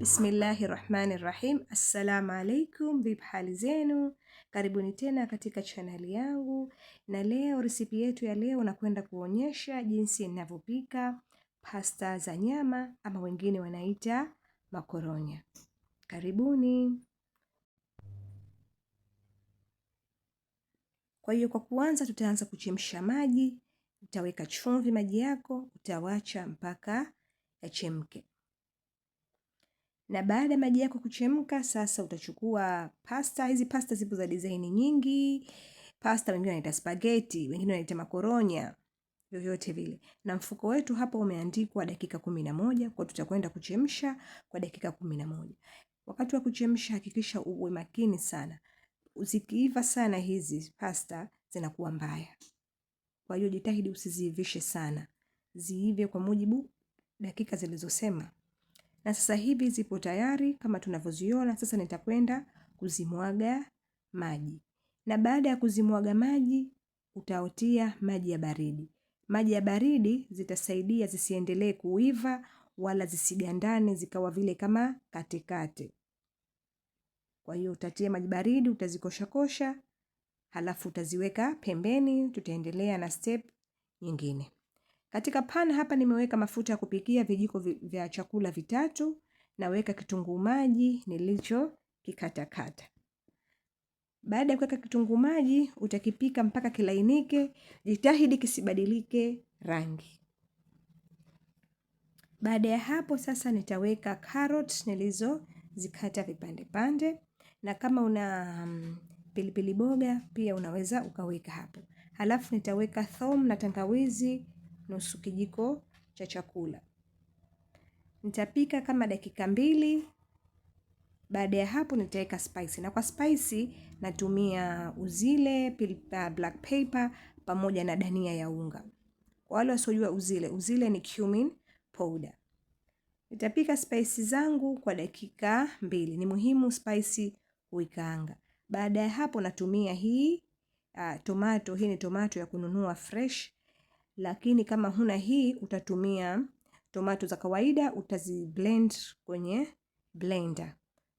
Bismillahi rahmani rahim. Assalamu alaikum, vipi hali zenu? Karibuni tena katika chaneli yangu, na leo resipi yetu ya leo nakwenda kuonyesha jinsi ninavyopika pasta za nyama ama wengine wanaita makoronya. Karibuni. Kwa hiyo kwa kuanza, tutaanza kuchemsha maji. Utaweka chumvi maji yako, utawacha mpaka yachemke na baada ya maji yako kuchemka, sasa utachukua pasta. Hizi pasta zipo za design nyingi, pasta wengine wanaita spaghetti, wengine wanaita makoronya, vyovyote vile. Na mfuko wetu hapa umeandikwa dakika kumi na moja kwa tutakwenda kuchemsha kwa dakika kumi na moja. Wakati wa kuchemsha, hakikisha uwe makini sana, usikiiva sana hizi pasta zinakuwa mbaya. Kwa hiyo jitahidi usiziivishe sana, ziive kwa mujibu dakika zilizosema na sasa hivi zipo tayari kama tunavyoziona. Sasa nitakwenda kuzimwaga maji, na baada ya kuzimwaga maji utaotia maji ya baridi. Maji ya baridi zitasaidia zisiendelee kuiva wala zisigandane zikawa vile kama katekate. Kwa hiyo utatia maji baridi, utazikoshakosha halafu utaziweka pembeni. Tutaendelea na step nyingine. Katika pan hapa nimeweka mafuta ya kupikia vijiko vya chakula vitatu, naweka kitunguu maji nilicho kikatakata. Baada ya kuweka kitunguu maji, utakipika mpaka kilainike, jitahidi kisibadilike rangi. Baada ya hapo sasa nitaweka carrot nilizozikata vipande pande, na kama una mm, pilipili boga pia unaweza ukaweka hapo. Halafu nitaweka thom na tangawizi nusu kijiko cha chakula. Nitapika kama dakika mbili. Baada ya hapo nitaweka spice, na kwa spice natumia uzile, uh, black pepper pamoja na dania ya unga. Kwa wale wasiojua uzile, uzile ni cumin powder. Nitapika spice zangu kwa dakika mbili. Ni muhimu spice kuikaanga. Baada ya hapo natumia hii uh, tomato. Hii ni tomato ya kununua fresh lakini kama huna hii utatumia tomato za kawaida, blend kwenye blender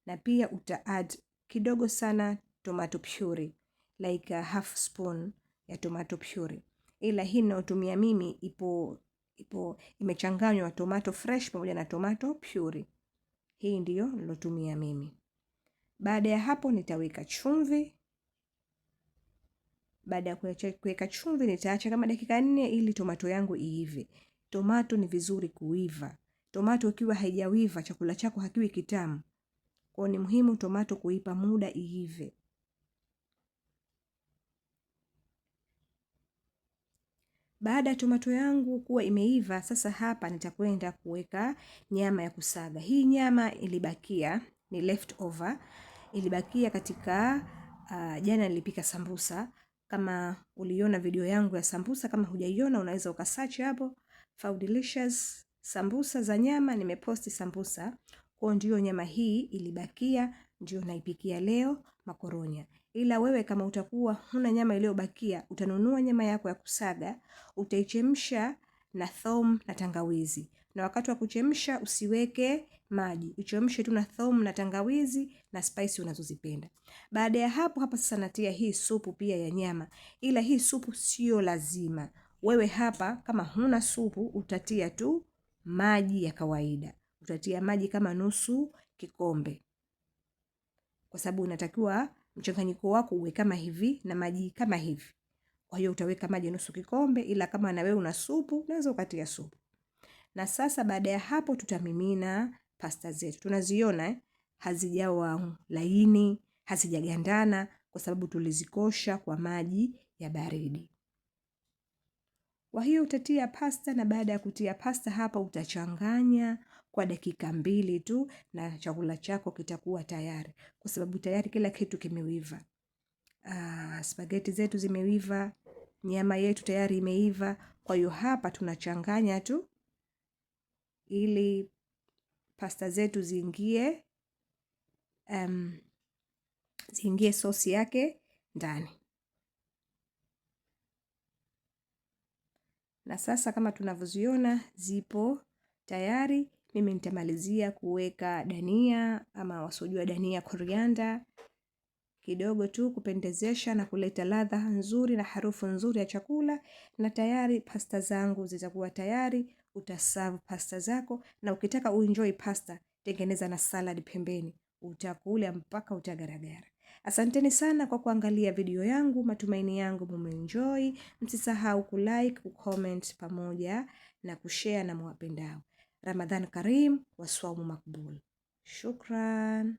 na pia uta add kidogo sana tomato puree like a half spoon ya tomato puree, ila hii ninayotumia mimi ipo ipo imechanganywa tomato fresh pamoja na tomato puree. Hii ndiyo nilotumia mimi. Baada ya hapo nitaweka chumvi baada ya kuweka chumvi, nitaacha kama dakika nne ili tomato yangu iive. Tomato ni vizuri kuiva. Tomato ikiwa haijawiva chakula chako hakiwi kitamu. Kwa ni muhimu tomato kuipa muda iive. Baada ya tomato yangu kuwa imeiva, sasa hapa nitakwenda kuweka nyama ya kusaga. Hii nyama ilibakia ni leftover, ilibakia katika uh, jana nilipika sambusa. Kama uliona video yangu ya sambusa, kama hujaiona unaweza ukasearch hapo Food sambusa za nyama, nimeposti sambusa kwa ndio nyama hii ilibakia, ndio naipikia leo makoronya. Ila wewe kama utakuwa huna nyama iliyobakia, utanunua nyama yako ya kusaga, utaichemsha na thom na tangawizi na wakati wa kuchemsha usiweke maji, uchemshe tu na thom na tangawizi na spice unazozipenda. Baada ya hapo, hapa sasa natia hii supu pia ya nyama, ila hii supu sio lazima. Wewe hapa kama huna supu utatia tu maji ya kawaida, utatia maji kama nusu kikombe, kwa sababu unatakiwa mchanganyiko wako uwe kama hivi na maji kama hivi. Kwa hiyo utaweka maji nusu kikombe, ila kama na wewe una supu unaweza ukatia supu. Na sasa baada ya hapo tutamimina pasta zetu. Tunaziona eh? Hazijawa laini, hazijagandana kwa sababu tulizikosha kwa maji ya baridi. Kwa hiyo utatia pasta na baada ya kutia pasta hapa utachanganya kwa dakika mbili tu na chakula chako kitakuwa tayari, kwa sababu tayari kila kitu kimeiva. Ah, spageti zetu zimeiva, nyama yetu tayari imeiva. Kwa hiyo hapa tunachanganya tu ili pasta zetu ziingie um, ziingie sosi yake ndani. Na sasa kama tunavyoziona zipo tayari. Mimi nitamalizia kuweka dania ama wasojua dania, korianda kidogo tu kupendezesha na kuleta ladha nzuri na harufu nzuri ya chakula, na tayari pasta zangu zitakuwa tayari utasavu pasta zako, na ukitaka uenjoy pasta, tengeneza na salad pembeni, utakula mpaka utagaragara. Asanteni sana kwa kuangalia video yangu, matumaini yangu mumeenjoy. Msisahau kulike, kucomment pamoja na kushare na mwapendao. Ramadhan Karim, waswaumu makbul. Shukran.